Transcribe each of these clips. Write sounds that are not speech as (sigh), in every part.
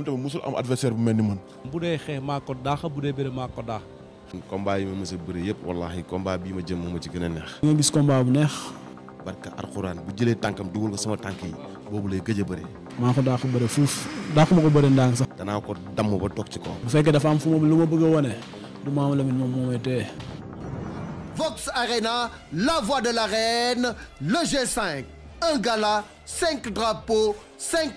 moom tamit mosul am adversaire bu mel ni man. bu dee xeex maa ko daax bu dee bëre maa ko daax. combat yi ma mës a bëri wallaahi combat bii ma jëm moo ma ci gën a neex. nga gis combat bu neex. barka alxuraan bu jëlee tànkam dugal ko sama tànk yi boobu lay gëj a bëri. maa ko daax bëri fuuf daax ko bëri ndànk sax. danaa ko damm ba toog ci kaw. a la voix de l'arène le G5 un gala cinq drapeaux cinq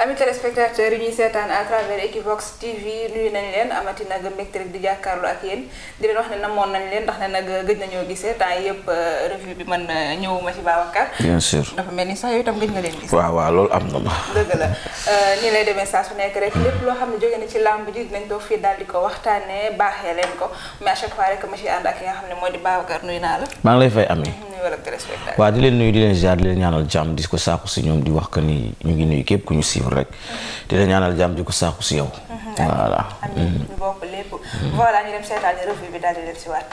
ami téléspectateurs yi ñuy seetaan a travers Equivox TV nuyu nañ leen amati nag mbégte rek di jàkkaarloo ak yéen di leen wax ne namoon nañ leen ndax ne nag gëj nañoo gisee temps yi yëpp euh, revue bi man euh, ñëwuma ci Babacar. bien sûr dafa mel ni sax yow itam gëj nga leen gis. waaw loolu am na ma. dëgg la euh, nii lay demee saa su nekk rek lépp xam ne jóge na ci làmb ji dinañ toog fii daal di ko waxtaane baaxee leen ko mais à chaque fois rek ma ànd ak ki nga xam ne moo di Babacar nuyu naa la. maa ngi lay fay amee. nuyu waa di leen nuyu di leen ziar di leen ñaanal jàmm di ko saako si ñoom di wax que ni ñu ngi nuyu képp ku ñu suivre suivre rek di la ñaanal jàmm ji ko saaku si yow voilà ñu mm-hmm. bokk lépp voilà ñu dem seetaani revue bi daal di leen si waat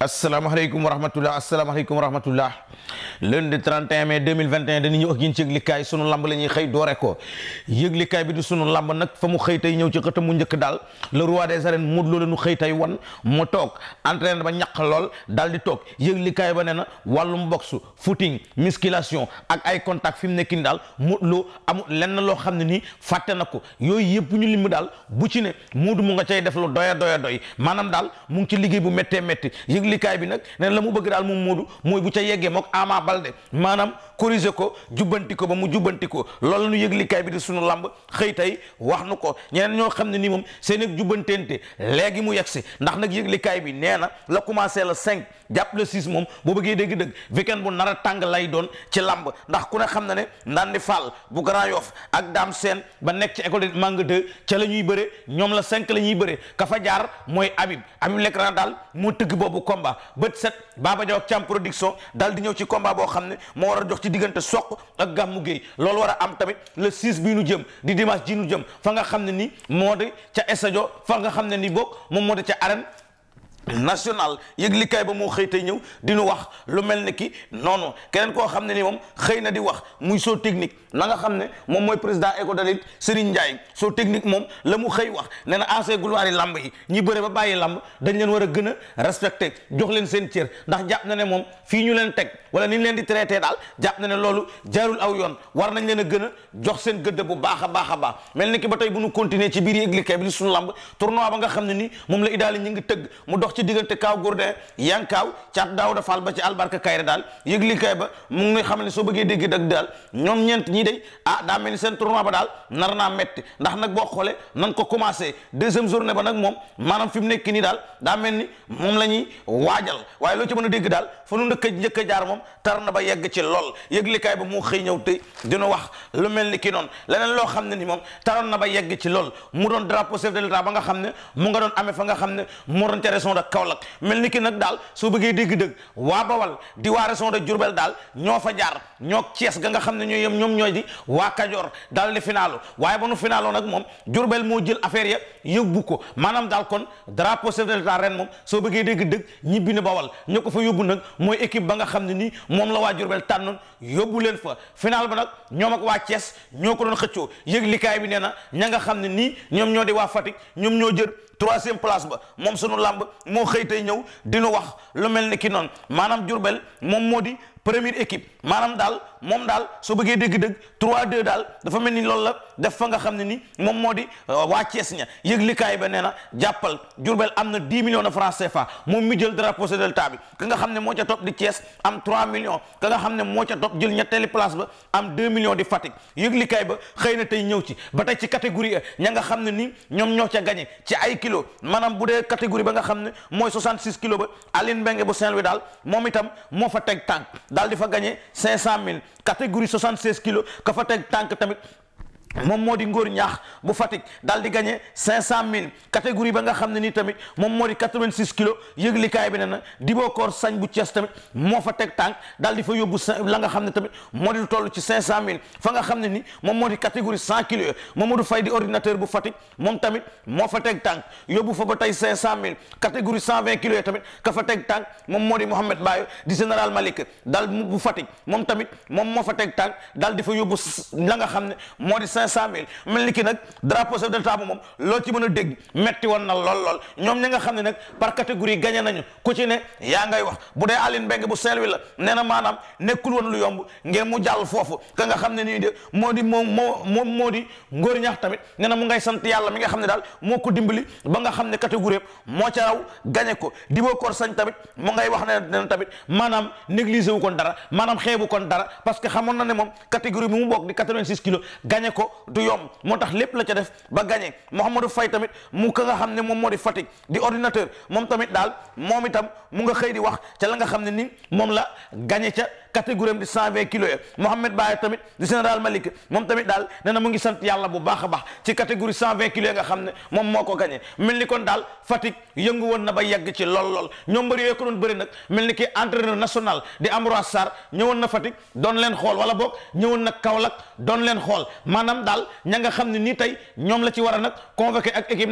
asalaamaaleykum wa rahmatullah asalaamaaleykum wa rahmatullah lundi 31 mai 2021 dañu ñëw ak yéen ci yëglikaay sunu lamb la ñuy xëy doore ko xëy tey ñëw ci xëtam mu daal le roi des arènes Modou Lo la ñu xëy tey wan lool daal di toog yëglikaay ba nee na wàllum boxe footing musculation ak ay contact fi mu nekk nii daal Modou Lo amul lenn loo xam ne nii fàtte na ko yooyu yëpp ñu limu daal bu ci ne Modou mu nga cay def lu doya doya doy maanaam daal mu ngi ci liggéey bu méttee métti yëglikaay bi nag nee na la mu bëgg daal moom mu mooy bu ca yeggee mook ama Balde maanaam corrigé ko jubbanti ko ba mu jubbanti ko loolu nu yëglikaay bi di sunu lamb xëy tey wax nu ko ñeneen ñoo xam ne nii moom seen ak jubbanteente léegi mu yegsi ndax nag yëglikaay bi nee na la commencé la cinq jàpp le six moom boo bëggee dégg-dëgg weekend bu nar a tàng lay doon ci lamb ndax ku ne xam ne ne Ndandi Fall bu Grand Yoff ak daam seen ba nekk ci école de Manga ca la ñuy bëre ñoom la cinq la ñuy bëre ka jaar mooy Habib Habib Lekran daal moo tëgg boobu combat boo xam ne moo war a dox ci diggante soq ak gàmmu gee loolu war a am tamit le 6 bii nu jëm di dimanche ji nu jëm fa nga xam ne nii moo de ca estadio fa nga xam ne ni boog moom moo de ca arène national yëglikaay ba moo xëy tey ñëw di nu wax lu mel ni ki noonu keneen koo xam ne ni moom xëy na di wax muy soo technique na nga xam ne moom mooy président écodalit Serigne Ndiaye soo technique moom la mu xëy wax nee na ancien gloire yi lamb yi ñi bëre ba bàyyi lamb dañ leen war a gën a respecté jox leen seen cër ndax jàpp na ne moom fii ñu leen teg wala ni leen di traité daal jàpp na ne loolu jaarul aw yoon war nañ leen a gën a jox seen gëdd bu baax a baax mel ni ki ba tey bu nu continuer ci biir yëglikaay bi li suñu ci diggante Kaaw Gourdin yang Kaaw Caat Daawda Fall ba ci albarka Kayre daal yëgli kay ba mu ngi xam ne soo bëggee dégg dëgg daal ñoom ñeent ñii day ah daa mel ni seen tournoi ba daal nar naa metti ndax nag boo xoolee nan ko commencé deuxième journée ba nag moom maanaam fi mu nekk nii daal daa mel ni moom la ñuy waajal waaye loo ci mën a dégg daal fa nu ndëkk njëkk a jaar moom tar na ba yegg ci lool yëgli kay ba mu xëy ñëw tey dina wax lu mel ni ki leneen loo xam ne ni moom taroon na ba yegg ci lool mu doon drapeau chef de l'état ba nga xam ne mu nga doon amee fa nga xam ne moo doon ca raison ak Kaolack mel ni ki nag daal soo bëggee dégg-dëgg waa Bawal di waa région de Diourbel daal ñoo fa jaar ñoo Cees ga nga xam ne ñooy yem ñoom ñooy di waa Kajoor daal di finaalu waaye ba nu finaaloo nag moom Diourbel moo jël affaire ya yóbbu ko maanaam daal kon drapeau chef de l'État ren moom soo bëggee dégg-dëgg ñibbi na Bawal ñu ko fa yóbbu nag mooy équipe ba nga xam ne nii moom la waa Diourbel tànnoon yóbbu leen fa final ba nag ñoom ak waa Cees ñoo ko doon xëccoo yëg likaay bi nee na ñoom ñoo jër troisième place ba moom sunu làmb moo xëy ñëw dina wax lu mel ni ki noonu maanaam Diourbel moom moo di première équipe maanaam daal moom daal soo bëggee dégg-dëgg 3-2 daal dafa mel ni loolu la def fa nga xam ne ni moom moo di euh, waa Thiès ña yëglikaay ba nee na jàppal Diourbel am na 10 millions de francs CFA moom mi jël drapeau Sédélta bi ka nga xam ne moo ca topp di Thiès am 3 millions ka nga xam ne moo ca topp jël ñetteeli place ba am 2 millions di Fatick likaay ba xëy na tey ñëw ci ba tey ci catégorie e, ña nga xam ne ni ñoom ñoo ca gagné ci ay kilo maanaam bu dee catégorie ba nga xam ne mooy 66 kilos ba Aline Mbengue bu Saint-Louis daal moom moo fa teg tànk daal di fa gagné 500 000 catégorie 76 kilos ka fa teg tànk tamit moom moo di ngóor ñaax bu Fatick daal di gagné cinq cent mille catégorie ba nga xam ne nii tamit moom moo di quatre-vingt-six kilos yëglikaay bi ne na Dibokor Sañ moo fa teg tànk daal di fa yóbbu la nga xam ne tamit moo di toll ci cinq cent mille fa nga xam ne ni moom moo di catégorie cent kilos Mamadou Faye di ordinateur bu Fatick moom tamit moo fa teg tànk yóbbu fa ba tey cinq cent mille catégorie cent vingt kilos tamit ka fa teg tànk moom moo di Mouhamed Bayo di général Malick daal bu Fatick moom tamit moom moo fa teg tànk daal di fa yóbbu la nga xam ne moo di cinq cent mille mel ni ki nag drapeau chef de l'État moom loo ci mën a dégg metti woon na lool lool ñoom ñi nga xam ne nag par catégorie gagné nañu ku ci ne yaa ngay wax bu dee Aline Mbengue bu Saint-Louis la nee maanaam nekkul woon lu yomb ngir mu jàll foofu ka nga xam ne nii de moo di moo moo moo di ngóor ñax tamit nee na mu ngay sant yàlla mi nga xam ne daal moo ko dimbali ba nga xam ne catégorie moo ca raw gagné ko Dibokor Sagne tamit mu ngay wax ne tamit maanaam na ne moom catégorie bi mu bokk di 86 kilos gagné ko du yomb moo tax lépp la ca def ba gagné Mouhamadou Faye tamit mu ka nga xam ne moom moo di Fatick di ordinateur moom tamit daal moom itam mu nga xëy di wax ca la nga xam ne ni moom la gagné ca catégorie am di cent vingt kilos ya Mouhamed Baye tamit di général Malick moom tamit daal nee na mu ngi sant yàlla bu baax a baax ci catégorie cent vingt kilos ya nga xam ne moom moo ko gagné mel ni kon daal Fatick yëngu woon na ba yàgg ci lool lool ñoom mbër yooyu ko doon bëri nag mel ni ki entraîneur national di Ambroise Sarr ñëwoon na Fatick doon leen xool wala boog ñëwoon na Kaolack doon leen xool maanaam daal ña nga xam ne nii tey ñoom la ci war a nag convoqué ak équipe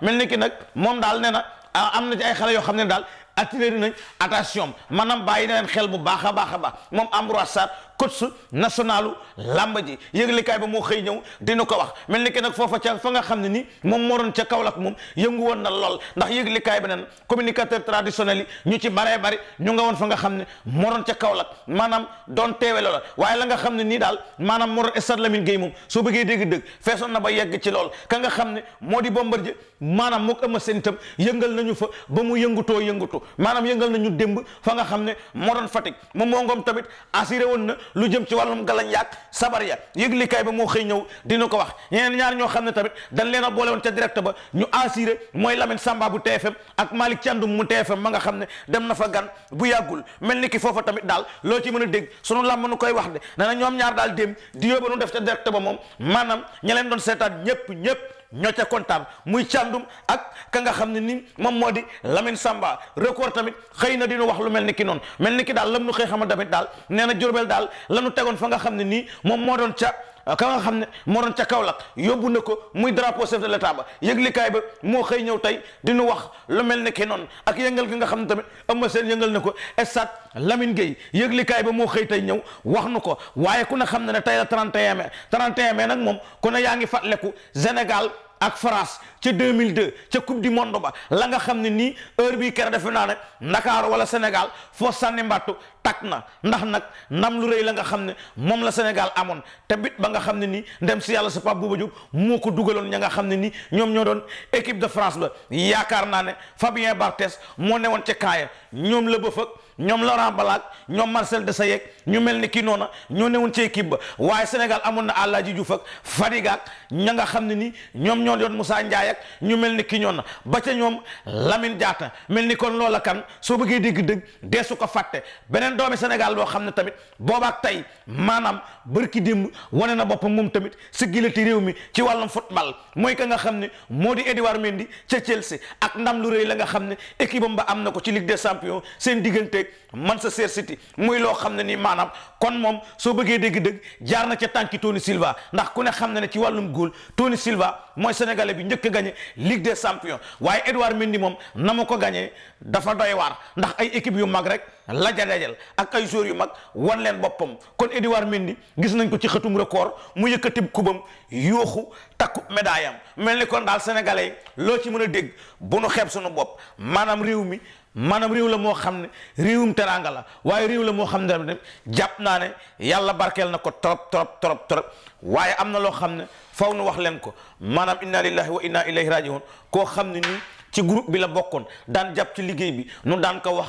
mel ni ki nag moom daal nee na ah, am na ci ay yoo xam ne daal attiré nañ attention maanaam bàyyi na leen xel bu baax a baax a baax moom Ambroise Sarr coach nationalu làmb ji yëglikaay ba moo xëy ñëw dina ko wax mel ni que nag foofa ca fa nga xam ne ni moom moo doon ca Kaolack moom yëngu woon na lool ndax yëglikaay ba nen communicateur traditionnel yi ñu ci baree bari ñu nga woon fa nga xam ne moo doon ca Kaolack maanaam doon teewe loola waaye la nga xam ne nii daal maanaam moo doon stade Lamine Gueye moom soo bëggee dégg dëgg feesoon na ba yegg ci lool ka nga xam ne moo di Bombardier maanaam moo ko ëmb seen itam yëngal nañu fa ba mu yëngutoo yëngutu maanaam yëngal nañu démb fa nga xam ne moo doon Fatick moom moo ngoom tamit assuré woon na lu jëm ci wàllum galañ yaak sabar ya yëglikaay ba moo xëy ñëw dina ko wax ñeneen ñaar ñoo xam ne tamit dañ leen a boole woon ca direct ba ñu assuré mooy lamit Samba bu TFM ak Malick Thiandoum mu TFM ma nga xam ne dem na fa gan bu yàggul mel ni ki foofa tamit daal loo ci mën a dégg sunu làmb nu koy wax de nee ñoom ñaar daal dem di yóbbu nu def ca direct ba moom maanaam ña doon seetaan ñëpp ñëpp ñoo ca kontaan muy càndum ak ka nga xam ne nii moom moo di Lamine Samba record tamit xëy na dinu wax lu mel ni ki noonu mel ni ki daal lam nu xëy xam a tamit daal nee na Jurbel daal lanu tegoon fa nga xam ne nii moom moo doon ca ka nga xam ne moo doon ca Kaolack yóbbu na ko muy drapeau chef de ba yëglikaay ba moo xëy ñëw tey di wax lu mel ne ki noonu ak yëngal gi nga xam ne tamit Eumeu seen yëngal na ko stade Lamine Gueye yëglikaay ba moo xëy tey ñëw wax nu ko waaye ku ne xam ne ne tey la 31 mai 31 mai nag moom ku ne yaa ngi fàttaliku Sénégal ak France ca deux 2002 ca coupe du monde ba la nga xam ne nii heure bi kere defe naa ne Ndakaar wala Sénégal foo sànni mbattu tak na ndax nag ndam lu rëy la nga xam ne moom la Sénégal amoon te bit ba nga xam ne nii ndem si yàlla sa Pape Bouba Diop moo ko dugaloon ña nga xam ne nii ñoom ñoo doon équipe de France ba yaakaar naa ne Fabien Barthez moo newoon ca kaaya ñoom la ba fëg ñoom Laurent Balack ñoom Marcel Desailly ñu mel ni kii noona ñoo newoon ci équipe ba waaye Sénégal amoon na Aladji Diouf ak Fadiga ak ña nga xam ne ni ñoom ñoo doon Moussa Ndiaye ñu mel ni kii ñoona ba ca ñoom Lamine jaata mel ni kon loola kan soo bëggee dégg dëgg dee su ko fàtte beneen doomi Sénégal boo xam ne tamit boobaak tey maanaam bër bërki démb wane na boppam moom tamit siggilati réew mi ci wàllum football mooy ka nga xam ne moo di Edouard Mendy ca Chelsea ak ndam lu rëy la nga xam ne équipe ba am na ko ci Ligue des Champions seen digganteeg Manchester City muy loo xam ne ni maanaam kon moom soo bëggee dégg-dëgg jaar na ca tànki Tony Silva ndax ku ne xam na ne ci wàllum góol Tony Silva mooy sénégalais bi njëkk a gagné Ligue des champions waaye Edouard Mendy moom na mu ko gañee dafa doy waar ndax ay équipe yu mag rek la jadajal ak ay joueurs yu mag wan leen boppam kon Edouard Mendy gis nañ ko ci xëtum record mu yëkkati kubam yooxu takku médaille mel ni kon daal sénégalais yi loo ci mën a dégg bu nu xeeb sunu bopp maanaam réew mi maanaam réew la moo xam ne réewum teraanga la waaye réew la moo xam ne jàpp naa ne yàlla barkeel na ko trop trop trop trop waaye am na loo xam ne faw nu wax leen ko maanaam inna lillahi wa inna ilayhi rajiun koo xam ne nii ci groupe bi la bokkoon daan jàpp ci liggéey bi nu daan ko wax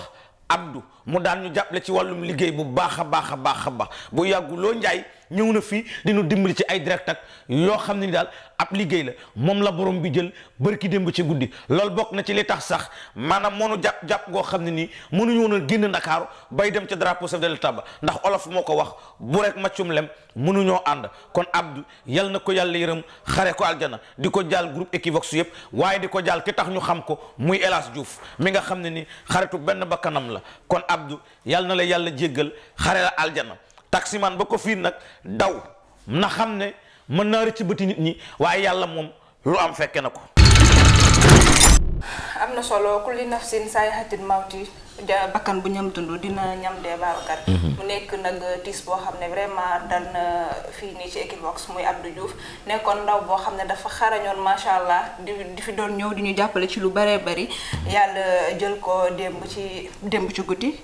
Abdou mu daan ñu jàppale ci wàllum liggéey bu baax a baax a baax a baax bu yàgguloo njaay ñëw na fii dinu dimbali ci ay direct ak yoo xam ne ni daal ab liggéey la moom la borom bi jël bërki démb ci guddi loolu bokk na ci li tax sax maanaam moonu jàpp jàpp goo xam ne nii mënuñu woon ndakaaru bay dem ca drapeau chef de l'état ndax olof moo ko wax bu rek maccum mënuñoo ànd kon Abdou yal na ko yàlla yërëm xare ko aljana di ko jaal groupe yëpp waaye di ko jaal ki tax ñu xam ko muy El Hadj mi nga xam ne ni xaritu benn bakkanam la kon Abdou yal na la yàlla jéggal xare la aljana taximaan ba ko fii nag daw na xam ne mën naa rëcc bëti nit ñi waaye yàlla moom lu am fekke na ko am na solo kulli nafsin saa yaxatin mawti ja bakkan bu ñam dund dina ñam dee Babacar. Mhm. mu nekk nag euh, tiis boo xam ne vraiment dal na euh, fii nii ci Equivox muy Abdou Diouf nekkoon ndaw boo xam ne dafa xarañoon macha allah di di fi doon ñëw di ñu jàppale ci lu bëree bari yàlla jël ko démb ci démb ci guddi.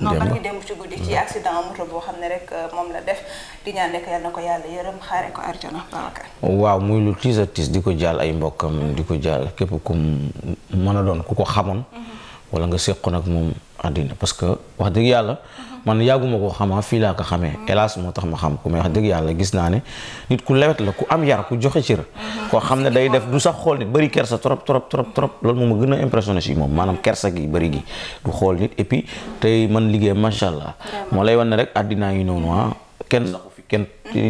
non barki démb ci guddi ci mhm. accident moto boo xam ne rek euh, moom la def di nekk yal ko yàlla yërëm xaare ko arjana Babacar. waaw muy lu tiis a tiis di ko jàll ay mbokkam di ko jaal képp ku mën a doon ku ko xamoon. Mhm. wala nga seqoon ak moom àddina parce que wax dëgg yàlla man yàgguma ko xamaa fii laa ko xamee mm-hmm. hélas moo tax ma xam ko mais wax dëgg yàlla gis naa ne nit ku lewet la ku am yar ku joxe cër mm-hmm. koo xam ne day def mm-hmm. du sax xool nit bëri kersa trop trop trop trop loolu moom ma gën a impressionné si moom maanaam kersa gi bëri gi du xool nit et puis tey man liggéey macha allah moo lay wan ne rek àddinaa yi noonu ah kenn saxu fi kenn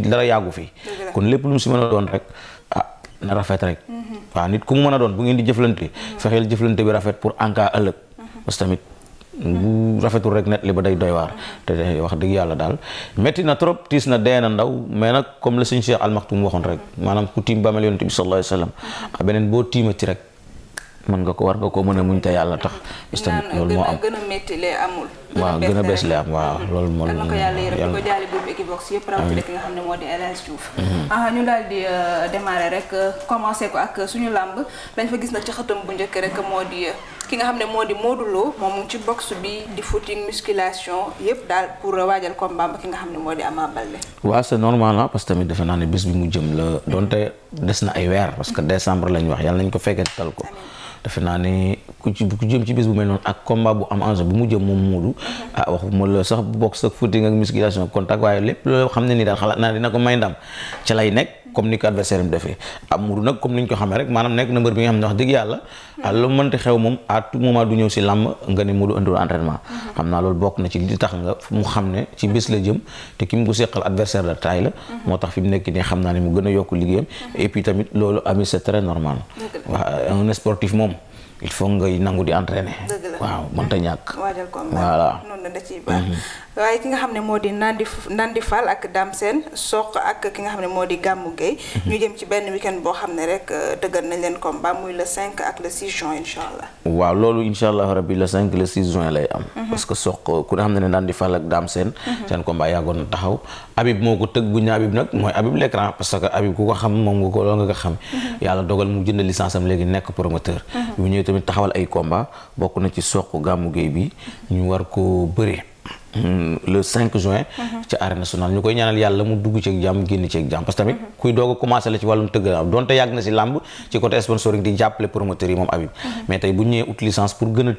dara yàggu fi kon lépp lu si mën a doon rek ah na rafet rek a parce tamit bu rafetul rek net li ba day doy waar te wax dëgg yàlla daal metti na trop tiis na dee na ndaw mais nag comme la suñu Cheikh Al Maktoum waxoon rek maanaam ku tiim bàmmeel yonent bi sallallahu alayhi wa sallam beneen boo tiimati rek. mën nga ko war nga ko mën a muñ te yàlla tax. itam loolu moo am gën a lee amul. waaw gën a bees lee am waaw mm-hmm. loolu moo. yàlla na ko yàlla yërëm yëpp rawatina ki nga xam ne moo di El Hadj Diouf. Mm-hmm. Ah, ñu daal di euh, démarrer rek euh, commencé ko ak suñu làmb dañ fa gis na ci xëtam bu njëkk rek moo di euh, ki nga xam ne moo di Modou moom ci box bi di footing musculation yëpp daal pour waajal combat ba ki nga xam ne moo di Ama Baldé. waaw c'est normal ah parce defe naa ne bés bi mu jëm la mm-hmm. donte des na ay weer parce que décembre lañ wax yàlla nañ ko fekkee tal ko. defe naa ne ku ci ku jëm ci bés bu mel noonu ak combat bu am enjeu bu mu jëm moom Modou mm-hmm. ah wax ma la sax box ak footing ak musculation contact waaye lépp loolu xam ne ni daal xalaat naa dina ko may ndam ca lay nekk comme ni ko adversaire am defee Modou nag comme ni ñu ko xamee rek maanaam nekk na mbër bi nga xam ne wax dëgg yàlla hmm. lu mënti xew moom à tout moment du ñëw si làmb nga ne Modou andiwul entraînement hmm. xam naa loolu bokk na ci li tax nga mu xam ne ci bés la jëm te ki mu ko seqal adversaire la taay hmm. la moo tax fi nekk nii xam naa ne mu gën a yokk liggéeyam et puis tamit loolu ami c'est très normal waa un sportif moom il faut ngay nangu di entraîner. waaw mënta mm-hmm. ñàkk. Mm-hmm. waaye ki nga xam ne moo di Nandi Nandi Fall ak Dame Sène Sokh ak ki nga xam ne moo di Gamou Gueye. Mm-hmm. ñu jëm ci benn weekend boo xam ne rek euh, dëggal nañ leen combat muy le 5 ak le 6 juin incha allah. waaw loolu incha allah le 5 le 6 juin lay am. parce que Sokh ku ne xam ne Nandi Fall ak Dame Sène. seen combat yàggoon na taxaw. Habib moo ko tëgg bu ñu Habib nag mooy Habib l'écran parce que Habib ku ko xam moom nga ko loolu nga ko xam. yàlla dogal mu jënd licence am léegi nekk promoteur. tamit taxawal ay combat bokk na ci soq gàmmu géey bi ñu war ko bëre Hmm, le 5 juin mhm. ci arène nationale ñu koy ñaanal yàlla mu dugg ci jàmm génn ci jàmm parce tamit kuy doog commencé la ci wàllum tëgg la donte yàgg na si làmb ci côté sponsoring di mhm.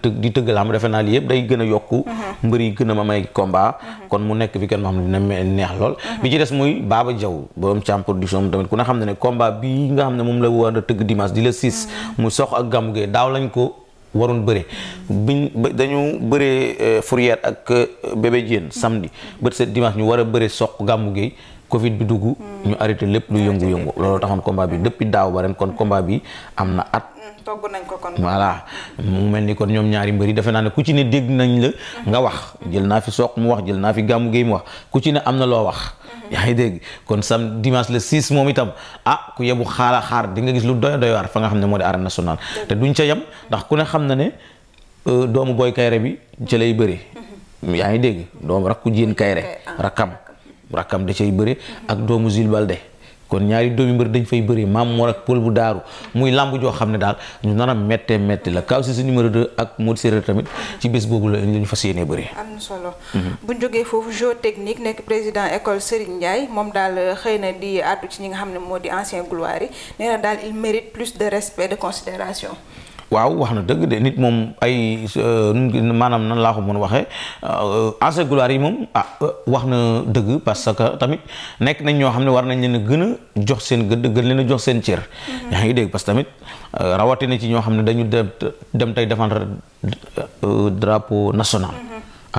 tëgg di tëgg defe naa li yëpp day gën a yokk mhm. mbër gën a mamay combat kon mu nekk fi kenn moo xam ne neex lool bi ci des muy Baba Diaw borom Thiam production tamit ku ne xam ne combat bii nga xam ne moom la war a tëgg dimanche di le 6 sox ak gàmmu daaw lañ ko waroon bëre biñ dañu bëree euh, Fourrière ak euh, bébé Diène samedi bët set dimanche ñu war a bëre soq gàmmu géey covid bi dugg ñu arrêté lépp lu yëngu-yëngu loolu taxoon combat bi depuis daaw ba ren kon combat bi am na at mm, togg nañ mu mel ni kon ñoom ñaari mbëri defe naa ne ku ci ne dégg nañ la nga wax jël naa fi soq mu wax jël naa fi gàmmu géey mu wax ku ci ne am na loo wax yaa ngi dégg kon sam dimanche le 6 moom itam ah ku yebu xaara xaar di nga gis lu doy doy waar fa nga xam ne moo di arène nationale te duñ ca yem ndax ku ne xam na ne euh, doomu booy kayre bi ca lay bëri mhm. yaa ngi dégg doomu rakku jéen kayre ah, rakkam rakkam da cay bëri ak doomu zil balde kon ñaari doomi mbër dañ fay bëri maam moor ak pël bu daaru muy lamb joo xam ne daal ñu nar a méttee métti la kaw si sa numéro 2 ak Modou Séréer tamit ci bés boobu la fa fas yéenee bëri. am na solo. Mhm. bu jogee jógee foofu géotechnique nekk président école Serigne Ndiaye moom daal euh, xëy na di àddu ci ñi nga xam ne moo di ancien gloire yi nee na daal il mérite plus de respect de considération waaw wax na dëgg de nit moom ay euh, maanaam nan laa ko mën waxee euh, enseigulaar yi moom ah wax na dëgg parce que tamit nekk nañ ñoo xam ne war nañ leen a gën a jox seen gëdd gën leen a jox seen cër. Mhm. yaa ngi dégg parce que tamit euh, rawatina ci ñoo xam ne dañu dem dem tey défendre drapeau national.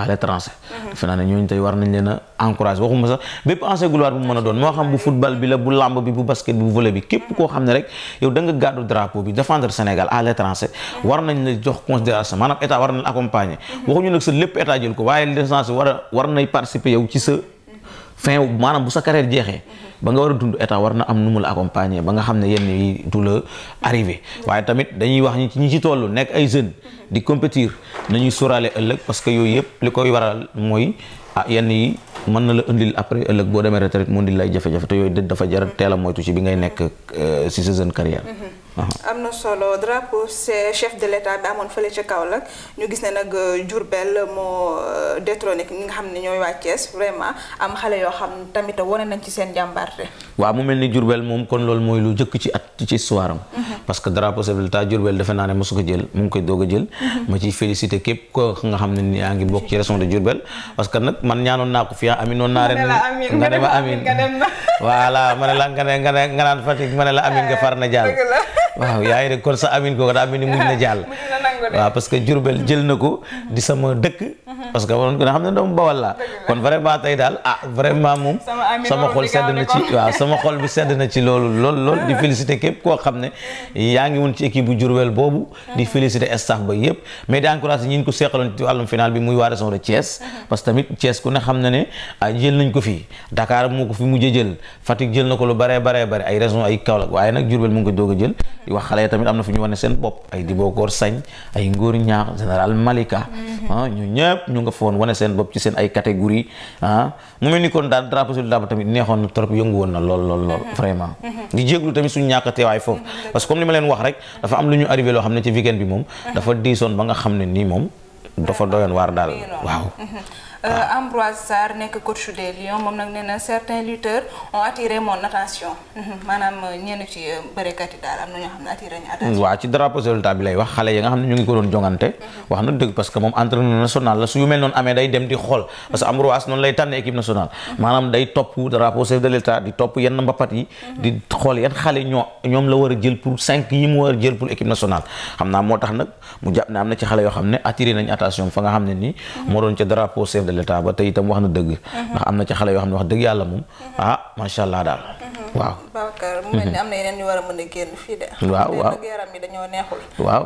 à l'étranger defe ñooñu tey war nañ leen a waxuma sax bépp ancien gloire bu mu a doon moo xam bu football bi la bu lamb bi bu basket bu volley bi képp koo xam ne rek yow da gàddu drapeau bi défendre Sénégal à l'étranger war nañ la jox considération maanaam état war na la mhm. waxuñu nag sa lépp état jël ko waaye l'essence war nay participer yow ci sa fin maanaam bu sa carrière jeexee ba nga war a dund état war na am nu mu la accompagner ba nga xam ne yenn yi du la arrivé waaye tamit dañuy wax ñi ñi ci toll nekk ay jeunes di compétir nañuy sóoraale ëllëg parce que yooyu yëpp li koy waral mooy ah yenn yi mën na la indil après ëllëg boo demee retraite mu indil lay jafe-jafe te yooyu dafa jar teel a moytu ci bi ngay nekk euh, ci sa jeune carrière am na solo drapeau c'est chef de l'état bi amoon fële ca Kaolack ñu gis ne nag euh, Diourbel moo euh, détrôné ñi nga xam ne ñooy waa Thiès vraiment am xale yoo xam tamit wane nañ ci seen jàmbaarte. waaw mu mel ni Diourbel moom kon loolu mooy lu jëkk ci at ci histoire am. Mhm. parce que drapeau chef de naa ne mosu ko jël mu ngi koy doog a jël. Mhm. ma ci félicité képp ko nga xam ne ni yaa ngi bokk ci région de Diourbel que nag man ñaanoon naa ko fi ah aminoon naa ren. nga dem ma amin nga dem ma amin ma ne la nga ne nga naan Fatick ma ne la amin nga far na jàll. waaw yaa ngi de kon sa amin kooku daa mel ni mujj na jàll (laughs) waaw parce que Diourbel jël na ko di sama dëkk parce que waroon gën a xam ne doomu bawal laa kon vraiment tey daal ah vraiment moom (laughs) sama xol sedd na ci waaw sama xol bi sedd na ci loolu lool lool di féliciter képp koo xam ne yaa ngi woon ci équipe bu Diourbel boobu di féliciter staff ba yëpp mais di encourager ñi ñu ko seqaloon ci wàllum final bi muy waa région de Thiès parce que tamit Thiès ku ne xam na ne ah, jël nañ ko fi Dakar moo ko fi mujj jël Fatick jël na ko lu bare bare bare ay région ay Kaolack waaye nag Diourbel mu ngi ko doog a jël di wax xale tamit am fu ñu wane seen bopp ay Dibokor Sagne ay Ngor Niakh général Malika mm-hmm. ah, nga foon wane seen bopp ci seen ay catégorie ah. mu mel ni daal drapeau sur drapeau tamit neexoon na trop yëngu na lool lool lool mhm. vraiment mhm. di tamit suñu ñàkk a teewaay foofu mhm. parce comme li ma leen wax rek dafa am lu ñu arrivé loo xam ne ci weekend bi moom dafa diisoon ba nga xam ne nii moom dafa doyoon waar daal waaw Euh, Ambroise Sarr nekk coach des Lions moom nag nee na certains lutteurs ont attiré mon attention (laughs) maanaam euh, ñenn ci euh, bërekat yi daal na ñoo xam ne mm, ngi ko doon jongante. Mm-hmm. wax na dëgg que moom entraîneur national la su mel noonu amee day dem di xool mm-hmm. parce que Ambroise noonu lay tànn équipe nationale. Mm-hmm. maanaam topp drapeau chef de l'état di topp yenn ñoom la war a jël pour cinq yi mu war jël pour équipe nationale xam naa moo tax nag mu jàpp am na ci xale yoo xam ne attiré nañu attention fa nga xam ne nii. moo doon ca drapeau de ba te itam wax na dëgg mhm. ndax am na ci xale yoo xam ne wax dëgg yàlla moom mhm. ah macha allah daal mhm. waaw Babacar waaw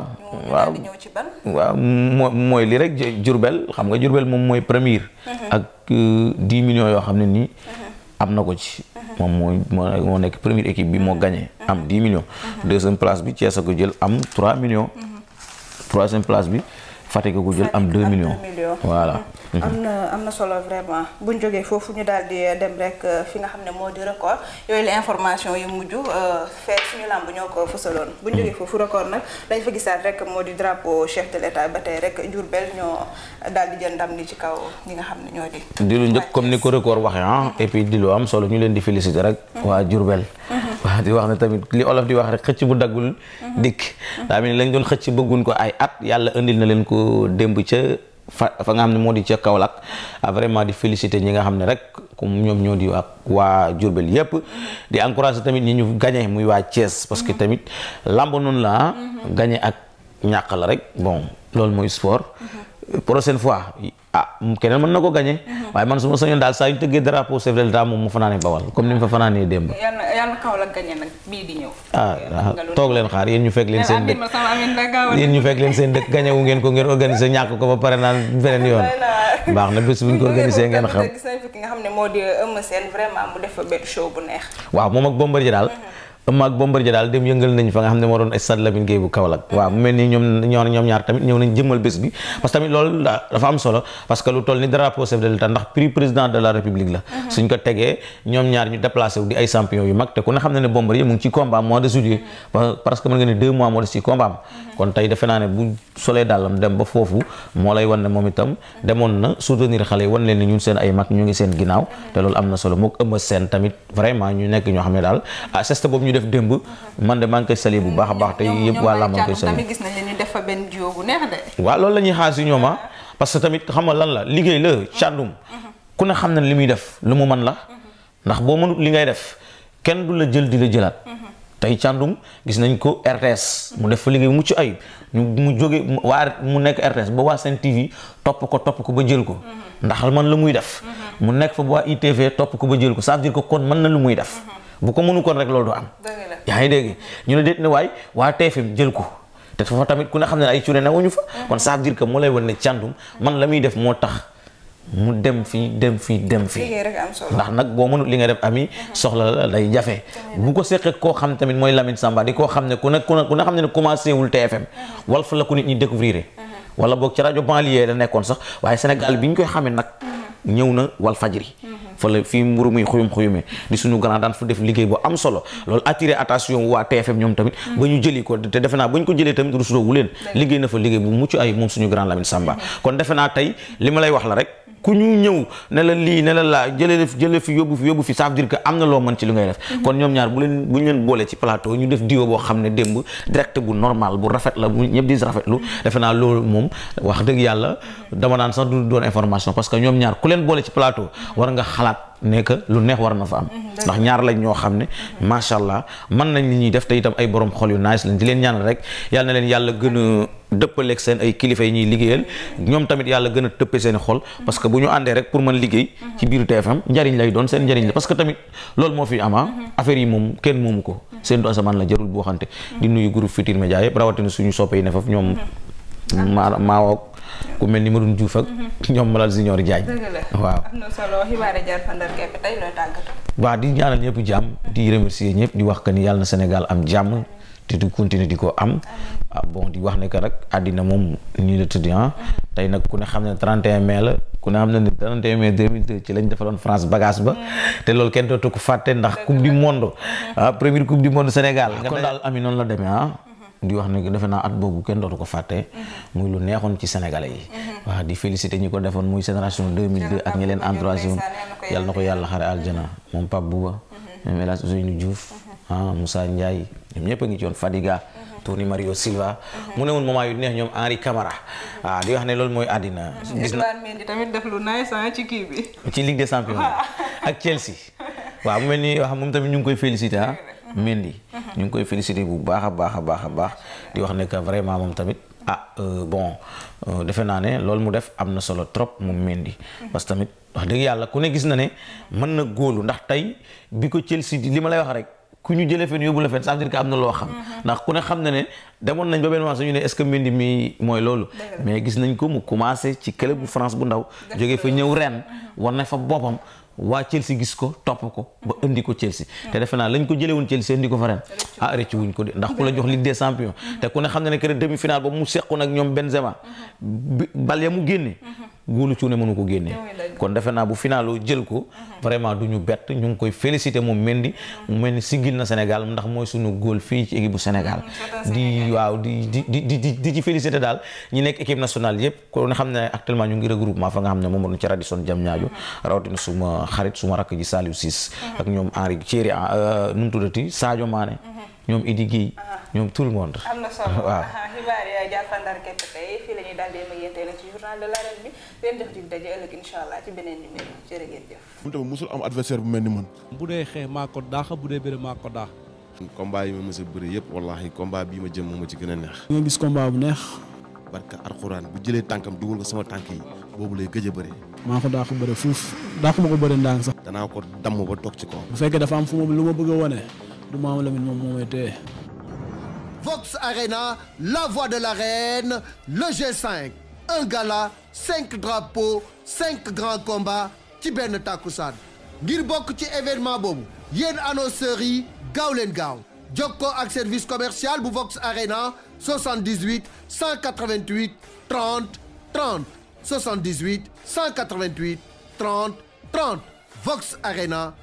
waaw mooy li rek Jurbel xam nga Jurbel moom mooy premier ak euh, dix millions yoo xam ne nii am na ko ci moom mooy moo nekk premier équipe bi moo gagné am dix millions deuxième place bi Thiès a ko jël am trois millions troisième place bi Fatick ko jël am 2 millions voilà. Mm-hmm. am na am na solo vraiment bu ñu jógee foofu ñu daal di dem rek euh, fi nga xam ne moo di record yooyu la information yu mujj euh, fekk suñu làmb ñoo ko fësaloon. bu ñu jógee mm-hmm. foofu record nag dañ fa gisaat rek moo di drapeau chef de l' état ba tey rek Diourbel ñoo daal di jël ndam li ci kaw ñi nga xam ne ñoo di. di lu njëkk comme ni ko record waxee ah et puis di lu am solo ñu leen di féliciter rek. Mm-hmm. waa Diourbel. waaw (laughs) di wax na tamit li olof di wax rek xëcc bu daggul mhm. dikk daa mel ni lañ doon xëcc bëggun ko ay at yàlla indil na leen ko démb ca fa fa nga xam ne moo di ca Kaolack ah, vraiment di féliciter ñi nga xam ne rek comme ñoom ñoo di ak waa Jurbel yépp mhm. di encourager tamit ñi ñu gagné muy waa cees parce que mhm. tamit lamb noonu laa gañe ak ñàkk la rek bon loolu mooy sport prochaine fois ah keneen mën na ko gagné. waaye mhm. man su ma sañoon daal saa yu ñu tëggee drapeau chef de l'État moom mu fanaanee bawal comme ni mu fa fanaanee démb. toog leen xaar yéen ñu fekk leen seen dëkk yéen ñu fekk leen seen dëkk gagné ngeen ko ngeen organiser ñàkk ko ba pare naan beneen yoon. baax na bés bu ñu ko organisé ngeen xam. ne moo di Eumeu Sène vraiment mu def benn eh. waaw moom ak Bombardier daal. Mhm. Eumeu ak Bombardier daal dem yëngal nañ fa nga xam ne moo doon stade Lamine Gueye bu Kaolack mm. waaw mu mel ni ñoom ñaar tamit ñëw nañ jëmmal bés bi parce que tamit loolu dafa dem ba foofu moo lay wan ne moom itam mm-hmm. demoon na soutenir xale yi wan leen ni ñun seen ay mag ñu ngi seen ginnaaw mm-hmm. te loolu am na solo mook Eumeu Sène tamit vraiment ñu nekk ñoo xam ne daal ah, def démb man de maa ngi koy salé bu baax a baax te yëpp waa làmb maa koy salé gis nañ ñu def fa benn duo bu waaw loolu la ñuy xaar si ñoom ah parce que tamit xam nga lan la liggéey la càndum mhm. ku ne xam na li muy def lu mu man la mhm. ndax boo mënut li ngay def kenn du la jël di la jëlaat mhm. tey càndum gis nañ ko RTS mu def fa liggéey mucc ayib ñu mu jóge waa mu nekk RTS ba waa Sen TV topp ko topp ko ba jël ko ndax man la muy def mu nekk fa ba waa ITV topp ko ba jël ko ça veut dire mën na lu muy def bu ko mënu kon rek loolu du am yaa ngi dégg ñu ne déet ne waay waa TFM jël ko te foofa tamit ku ne xam ne ay cuune newuñu fa mm-hmm. kon ça veut que moo lay wan ne càndum man la muy def moo tax mu dem fii dem fii dem fii ndax nag boo mënut li nga def ami mm-hmm. soxla la day jafe ko seqee koo xam tamit mooy Lamine Samba di koo xam ne ku ne ku ne xam ne commencé wul TFM mm-hmm. Walf la ko nit ñi découvrir wala boog ci rajo banlieue la nekkoon sax waaye Sénégal bi ñu koy xamee nag ñëw na wal faj Walfadjri fa la fii mburu muy xuyum xuyumee di suñu grand daan fu def liggéey bu am solo loolu attiré attention waa TFM ñoom tamit mm. ba ñu jëli ko te defe naa ba ñu ko jëlee tamit rusuloo wu leen liggéey na fa liggéey bu mucc ay moom suñu grand Lamine Samba mm. kon defe naa tey li ma lay wax la rek ku ñu ñëw ne la lii ne la laa jëlee jëlee fi yóbbu fi yóbbu fi ça dire que am na loo man ci lu ngay def mhm. kon ñoom ñaar bu leen bu ñu leen boole ci plateau ñu def diwo boo xam ne démb direct bu normal bu rafet la bu di rafetlu defe naa loolu moom wax dëgg yàlla dama naan sax du doon information parce ñoom ñaar ku leen boole ci plateau war nga xalaat ne que lu neex war na fa am mm-hmm. ndax ñaar lañ ñoo xam ne macha allah mën nañ li ñuy def te itam ay borom xol yu nice lañ di leen ñaanal rek yal leen yàlla gën a dëppaleeg seen ay kilifa yi ñuy liggéeyal ñoom tamit yàlla gën a tëppe seen xol parce que bu ñu àndee rek pour mën liggéey mm-hmm. ci biiru TFM njariñ lay doon seen njariñ la parce que tamit loolu moo fi ama ah. mm-hmm. affaire yi moom kenn moomu ko seen du asamaan la jarul bu waxante di nuyu groupe Futurs Médias yëpp rawatina suñu sopp yi ne foofu ñoom maa maawoog ku mel ni ma doon Diouf ak mhm. ñoom Malal Junior Diagne waaw am na solo xibaar jar fandar képp tey loo tàggatoo waaw di ñaanal ñëpp jàmm di mhm. remercier ñëpp di wax que ni yàlla na Sénégal am jàmm te du continuer di ko am ah, bon di wax ne que nag àddina moom nii la tudd ah. mhm. tey nag ku ne xam ne 31 mai la ku ne xam ne 31 mai 2002 ci lañ defaloon France bagage ba te loolu kenn dootu ko fàtte ndax coupe du monde ah première coupe du monde Sénégal ah, kon daal ami noonu la demee di wax ne defe naa at boobu kenn dootu ko fàtte. Mhm. muy lu neexoon ci sénégalais yi. Mhm. waaw di félicité ñi ko defoon muy génération 2002 ak ñi leen entourage woon yàlla na ko yàlla xare aljana mhm. moom Pape Bouba. ñoom El Hadj Ousseynou Diouf. ah Moussa Ndiaye a ngi ci woon Fadiga. Tony Mario Silva mu ne woon moment yu neex ñoom Henri Camara ah di wax ne loolu mooy àddina gis na tamit def lu nice ah, ci kii bi ci Ligue des Champions (laughs) ak Chelsea waaw mu mel ni wax moom tamit Mendy mhm. ñu ngi koy félicité bu baax a baax a baax a baax di wax ne que vraiment moom tamit ah euh, bon euh, defe naa ne loolu mu def am na solo trop moom Mendy mhm. parce que tamit wax dëgg yàlla ku ne gis na ne mën na góor lu ndax tey bi ko Chelsea di li ma lay wax rek ku ñu jëlee fen yóbbu la fen ça am na loo xam mhm. ndax ku ne xam na ne demoon nañ ba benn moment suñu ne est-ce que Mendy mi mooy loolu mais gis nañ ko mu commencé ci club bu France bu ndaw jógee fa ñëw ren war na fa boppam waa Chelsea gis ko topp ko ba indi ko Chelsea te defe naa lañ ko jëlee woon Chelsea indi ko fa ren ah rëcc wuñ ko de ndax ku la jox Ligue des champions te ku ne xam na ne que demi final ba mu seqoon ak ñoom Benzema bal ya mu génne góolu ne mënu ko génne kon defe naa bu finaaloo jël ko vraiment du ñu bett ñu ngi koy félicité moom Mendy mu mel ni siggil na Sénégal ndax mooy suñu góol fii ci équipe bu Sénégal mm, di waaw di di di di di ci félicité daal ñi nekk équipe nationale yëpp ko ne xam ne actuellement ñu ngi regroupement fa nga xam ne moom lañu ci Radisson Diamniadio mm-hmm. rawatina suma xarit suma rakk ji Saliou Ciss mm-hmm. ak ñoom Henri Thierry ah, euh, nu mu tuddati Sadio Mané mm-hmm. ñoom Idi Guèye (laughs) (laughs) di yem ak yéen tey la ci journal de l'arène bi moom tamit mosul am adversaire bu mel ni man. bu dee xee maa ko daax bu dee bëre maa ko daax. yi ma mës a bëri yëpp wallaahi combat bii ma jëm moo ma ci gën a gis combat bu neex. barka alxuraan bu jëlee tànkam dugal ko sama tànk yi boobu lay gëj a bëri. maa ko daa ko fuuf daa ko ma ko sax. danaa ko damm ba toog ci kaw. bu fekkee dafa am fu mu lu ma bëgg a du Maama Lamine moom moo may téye. la voix de le G5 gala cinq drapeaux cinq grands combats ci benn takkusaan ngir bokk ci événement boobu yéen annonceurs yi gaaw gaaw jokkoo ak service commercial bu Vox Arena 78 188 30 30 78 188 30 30 Vox Arena